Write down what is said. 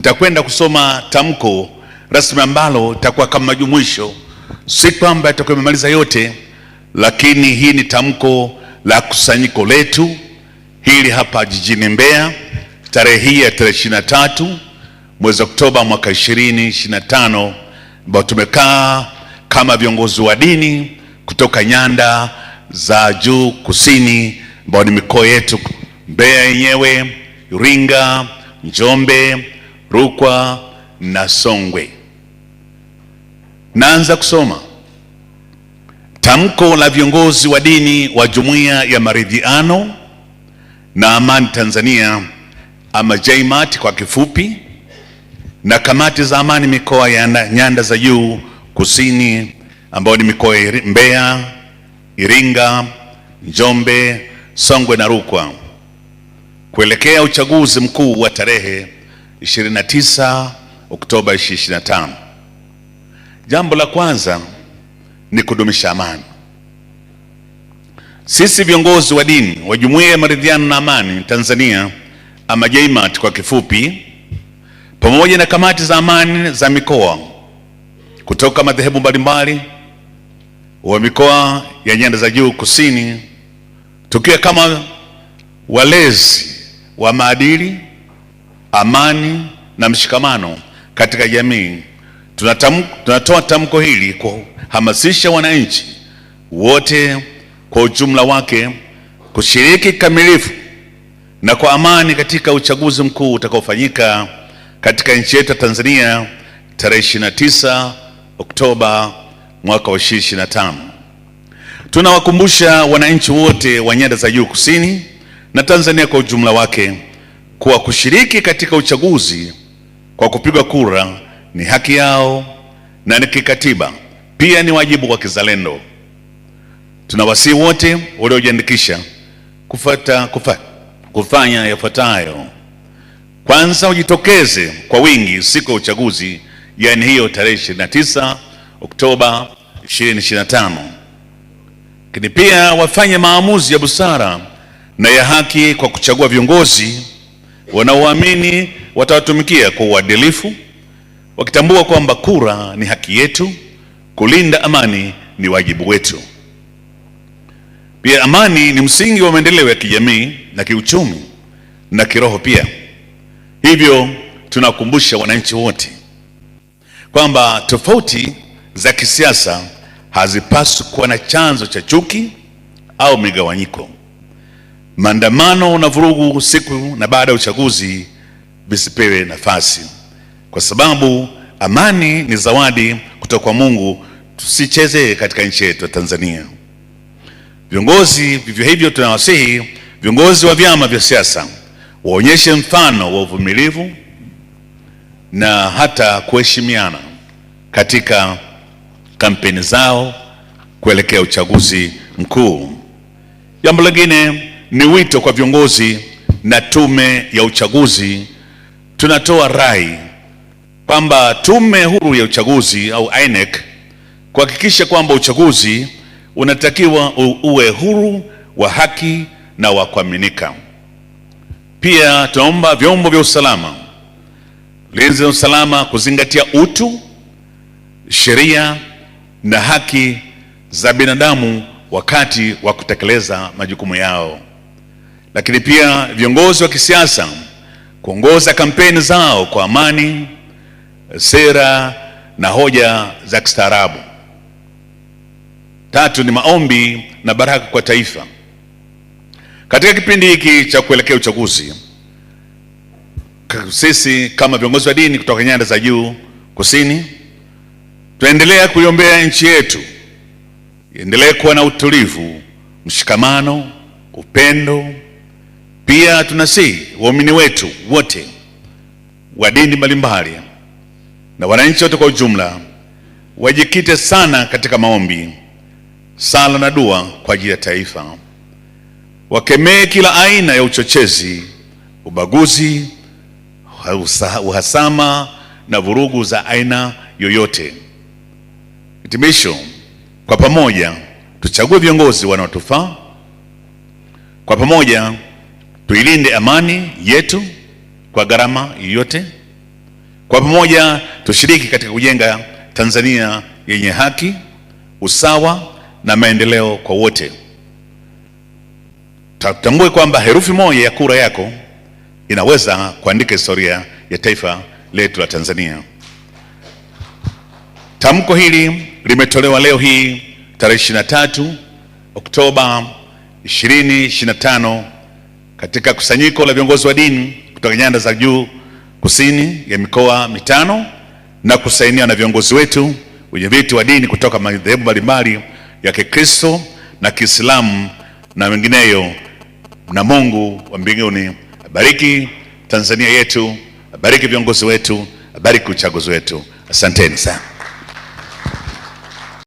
Nitakwenda kusoma tamko rasmi ambalo itakuwa kama majumuisho, si kwamba itakuwa imemaliza yote, lakini hii ni tamko la kusanyiko letu hili hapa jijini Mbeya, tarehe hii ya tarehe ishirini mwezi Oktoba mwaka ishirini ishirini na tano ambao tumekaa kama viongozi wa dini kutoka nyanda za juu kusini, ambao ni mikoa yetu Mbeya yenyewe, Iringa, Njombe Rukwa na Songwe. Naanza kusoma tamko la viongozi wa dini wa Jumuiya ya Maridhiano na Amani Tanzania ama JMAT kwa kifupi, na kamati za amani mikoa ya nyanda za juu kusini, ambayo ni mikoa ya Mbeya, Iringa, Njombe, Songwe na Rukwa kuelekea uchaguzi mkuu wa tarehe 29 Oktoba 2025. Jambo la kwanza ni kudumisha amani. Sisi viongozi wa dini wa Jumuiya ya Maridhiano na Amani Tanzania ama JMAT kwa kifupi, pamoja na kamati za amani za mikoa kutoka madhehebu mbalimbali wa mikoa ya nyanda za juu kusini, tukiwa kama walezi wa maadili amani na mshikamano katika jamii. Tunatam, tunatoa tamko hili kuhamasisha wananchi wote kwa ujumla wake kushiriki kikamilifu na kwa amani katika uchaguzi mkuu utakaofanyika katika nchi yetu ya Tanzania tarehe 29 Oktoba mwaka wa 2025. Tunawakumbusha wananchi wote wa nyanda za juu kusini na Tanzania kwa ujumla wake kuwa kushiriki katika uchaguzi kwa kupiga kura ni haki yao na ni kikatiba pia, ni wajibu wa kizalendo. Tunawasihi wote waliojiandikisha kufata, kufa, kufanya yafuatayo. Kwanza, ujitokeze kwa wingi siku ya uchaguzi, yaani hiyo tarehe 29 Oktoba 2025, lakini pia wafanye maamuzi ya busara na ya haki kwa kuchagua viongozi wanaoamini watawatumikia kwa uadilifu, wakitambua kwamba kura ni haki yetu, kulinda amani ni wajibu wetu. Pia amani ni msingi wa maendeleo ya kijamii na kiuchumi na kiroho pia. Hivyo tunawakumbusha wananchi wote kwamba tofauti za kisiasa hazipaswi kuwa na chanzo cha chuki au migawanyiko maandamano na vurugu siku na baada ya uchaguzi visipewe nafasi, kwa sababu amani ni zawadi kutoka kwa Mungu. Tusichezee katika nchi yetu ya Tanzania. Viongozi vivyo hivyo, tunawasihi viongozi wa vyama vya siasa waonyeshe mfano wa uvumilivu na hata kuheshimiana katika kampeni zao kuelekea uchaguzi mkuu. Jambo lingine ni wito kwa viongozi na tume ya uchaguzi. Tunatoa rai kwamba tume huru ya uchaguzi au INEC kuhakikisha kwamba uchaguzi unatakiwa uwe huru wa haki na wa kuaminika. Pia tunaomba vyombo vya usalama, ulinzi na usalama kuzingatia utu, sheria na haki za binadamu wakati wa kutekeleza majukumu yao lakini pia viongozi wa kisiasa kuongoza kampeni zao kwa amani, sera na hoja za kistaarabu. Tatu ni maombi na baraka kwa taifa. Katika kipindi hiki cha kuelekea uchaguzi, sisi kama viongozi wa dini kutoka nyanda za juu kusini tunaendelea kuiombea nchi yetu iendelee kuwa na utulivu, mshikamano, upendo pia tunasihi waumini wetu wote wa dini mbalimbali na wananchi wote kwa ujumla wajikite sana katika maombi, sala na dua kwa ajili ya taifa. Wakemee kila aina ya uchochezi, ubaguzi, uhasama na vurugu za aina yoyote. Hitimisho, kwa pamoja tuchague viongozi wanaotufaa. Kwa pamoja tuilinde amani yetu kwa gharama yoyote. Kwa pamoja tushiriki katika kujenga Tanzania yenye haki, usawa na maendeleo kwa wote. Tutambue kwamba herufi moja ya kura yako inaweza kuandika historia ya taifa letu la Tanzania. Tamko hili limetolewa leo hii tarehe 23 Oktoba 2025 katika kusanyiko la viongozi wa dini kutoka nyanda za juu kusini ya mikoa mitano na kusainiwa na viongozi wetu wenye viti wa dini kutoka madhehebu mbalimbali ya Kikristo na Kiislamu na wengineyo. Na Mungu wa mbinguni abariki Tanzania yetu, abariki viongozi wetu, abariki uchaguzi wetu. Asanteni sana.